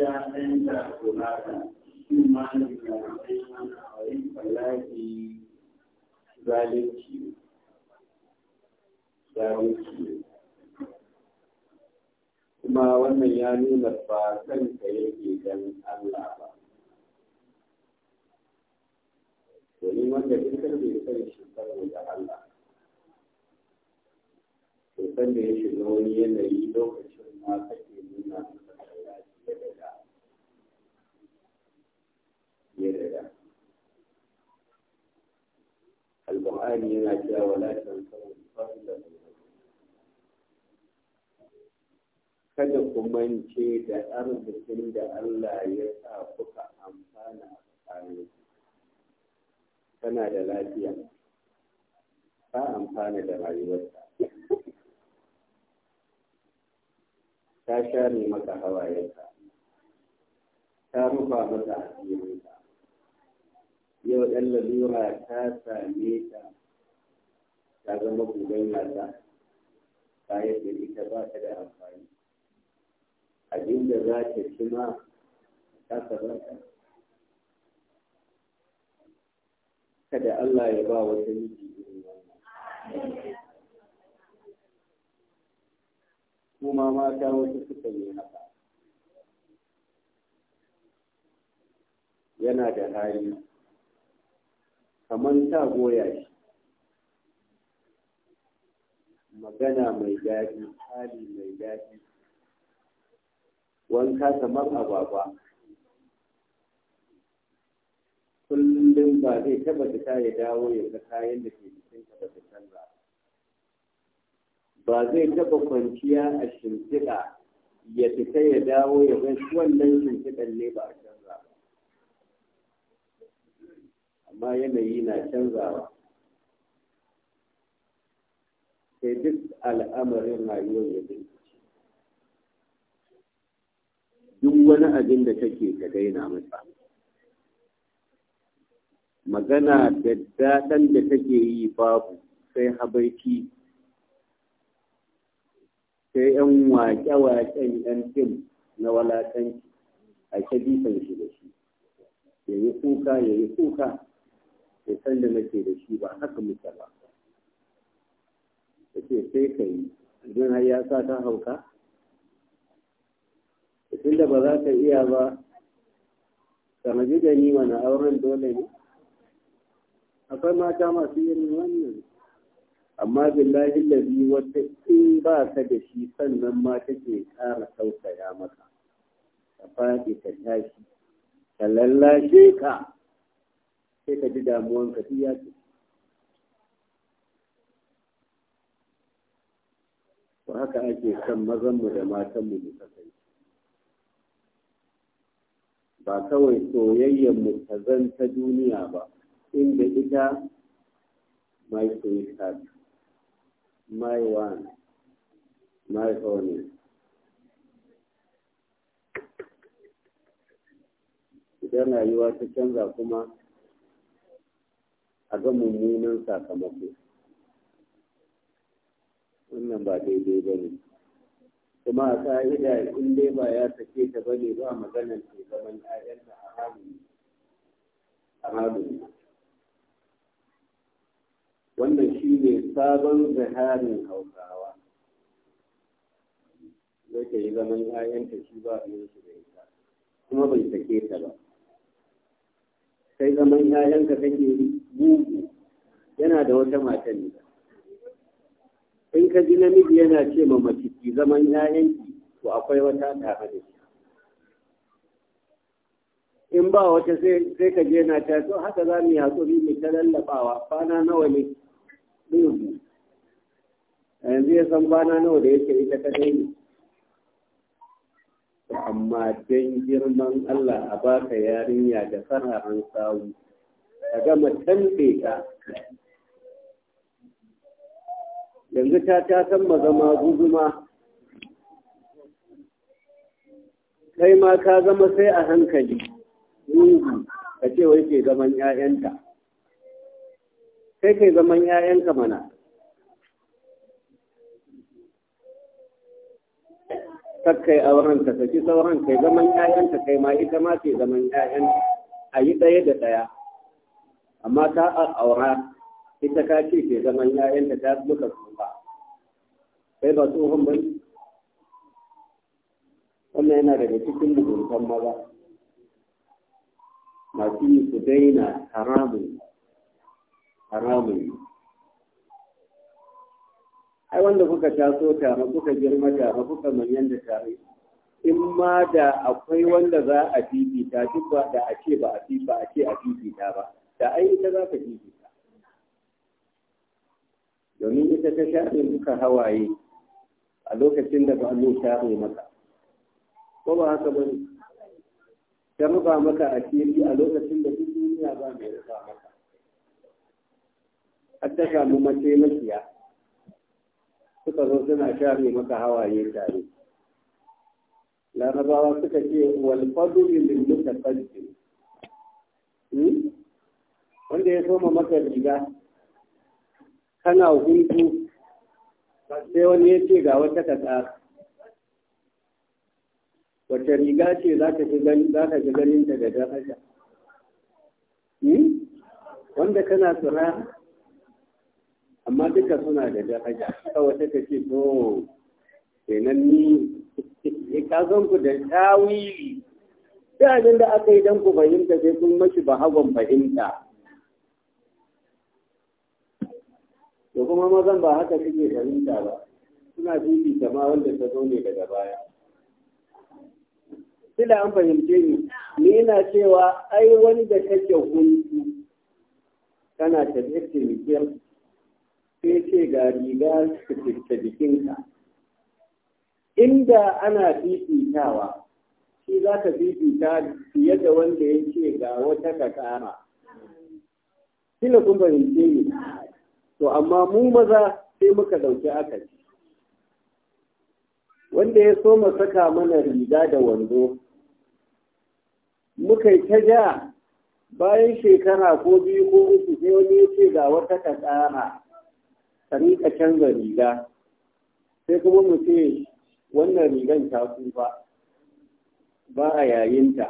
da تأكلها مما يعطينا عليه فلاقي ذلك ذلك kuma wannan ya nuna ba kanka yake gan Allah ba. Domin wanda duk bai san shi da Allah. Sai da ya shiga wani yanayi lokacin ma kake nuna fiye da da yana cewa wala tansawu su. kada ku mance da arzikin da Allah ya sa kuka amfana a tsakanin Tana da lafiya Ba amfana da rayuwarka ta share maka hawayenka ta rufa maka asirinka yau ɗan lalura ta same ta ta zama gugan yasa kayan da ita ba ta da amfani Abinda da za ta ci ma ta ta kada Allah ya ba wata miji irin wannan kuma mata wasu suka yi haka yana da hali kamar ta goya shi magana mai daɗi hali mai daɗi wanka kamar baba? kullum ba zai taba fita ya dawo ya ga kayan da ke cikin ka ba ta canza ba zai taba kwanciya a shimfiɗa ya fita ya dawo ya ga wannan shimfiɗan ne ba a amma yanayi na canzawa sai duk al'amarin rayuwar ya duk wani abin da kake ka daina masa magana da daɗan da take yi babu sai habaiki sai ‘yan waƙe-waƙen ‘yan fim na walaƙanci a shi da shi ya yi kuka ya yi kuka sai san da nake da shi ba haka muke ba ta ce sai ka yi idan har ya sa ta hauka tun da ba za ka iya ba ka maji da ni mana auren dole ne akwai mata masu yin wannan amma billahi biyu wata in ba ka da shi sannan ma take ƙara ya maka ka faɗi ka tashi ka lallashe ka sai ka ji damuwan ka ya ce Ba haka ake kan mazanmu da matanmu mu kasai ba kawai soyayyen mu ta ta duniya ba inda ita my sweetheart my one my idan rayuwa ta canza kuma a ga mummunan sakamako wannan ba daidai ba ne kuma a ƙa'ida in dai ba ya sake ta ba ne ba maganar ke zaman ƴaƴanta a hadu wannan shi ne sabon zaharin hausawa zai yi zaman 'ya'yanta shi ba a yi da ita kuma bai sake ta ba sai zaman yayanka kake mugu yana da wata mata ne in ka ji namiji yana ce ma mace ki zaman ƴaƴanki, to akwai wata tare da in ba wata sai ka je na ta to haka za mu yi hakuri mu ta lallaɓawa kwana nawa ne ɗin yanzu ya san kwana nawa da yake ita kadai ne amma don girman Allah a baka yarinya da fararen sawu a gama tambe ka yanzu ta ta san zama guguma kai ma ka zama sai a hankali dungu ka ce wai ke zaman 'ya'yanta kai ke zaman 'ya'yanka mana kakkai auren ka saki sauran kai zaman ƴaƴanta kai ma ita ma ce zaman ƴaƴanta a yi ɗaya da ɗaya amma ta aura ita ka ce ke zaman ƴaƴanta ta muka tsufa kai ba tsohon ba wannan yana daga cikin muguntan ba. masu yi su daina haramun haramun ai wanda kuka taso tare kuka girma tare kuka manyan da tare in ma da akwai wanda za a fifita duk ba da a ce ba a fifa a ce a fifita ba da ai ita za ka fifita domin ita ta shaɗe muka hawaye a lokacin da ba a shafe maka ko ba haka ba ne ta rufa maka a fili a lokacin da duk duniya ba mai rufa maka A ta samu mace maciya suka zo suna share maka hawaye tare larabawa suka ce wal fadlu lil mutaqaddim hmm? wanda ya soma maka riga kana hutu sai wani ya ce ga wata kasa wata riga ce za ka ji ganin ta da daraja hmm? wanda kana tsira amma duka suna da daraja kawai ta ce to kenan ni ka zan ku da tawili da abin da aka yi dan ku fahimta sai kun mashi ba hagon fahimta to kuma mazan ba haka suke fahimta ba suna bibi ma wanda ta zo ne daga baya sila an fahimce ni ni na cewa ai wani da kake huntu kana tafiyar cinikiyar sai ce ga riga ta jikinka inda ana fifitawa shi za ka fifita fiye da wanda ya ce ga wata ka kara kila kun fahimce ni to amma mu maza sai muka ɗauki akali wanda ya so mu saka mana riga da wando muka yi ta ja bayan shekara ko biyu ko uku sai wani ya ce ga wata ka ka rika canza riga sai kuma mu ce wannan rigan ta ba. ba a yayinta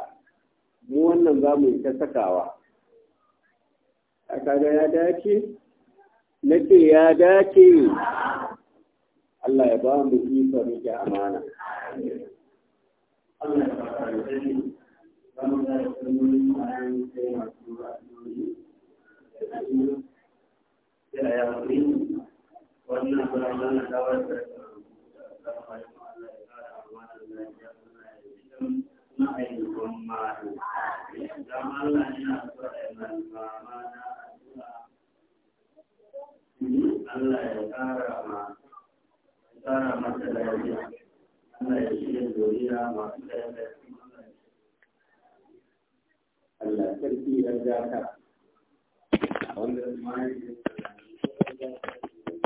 mu wannan za mu yi ta sakawa a kaga ya dace na ce ya dace Allah ya ba mu ikon rike amana Allah ya ba mu ikon rike amana wannan suna mana da ma'aikatan da don Allah a yi mama na Allah ya ƙara Allah ya ya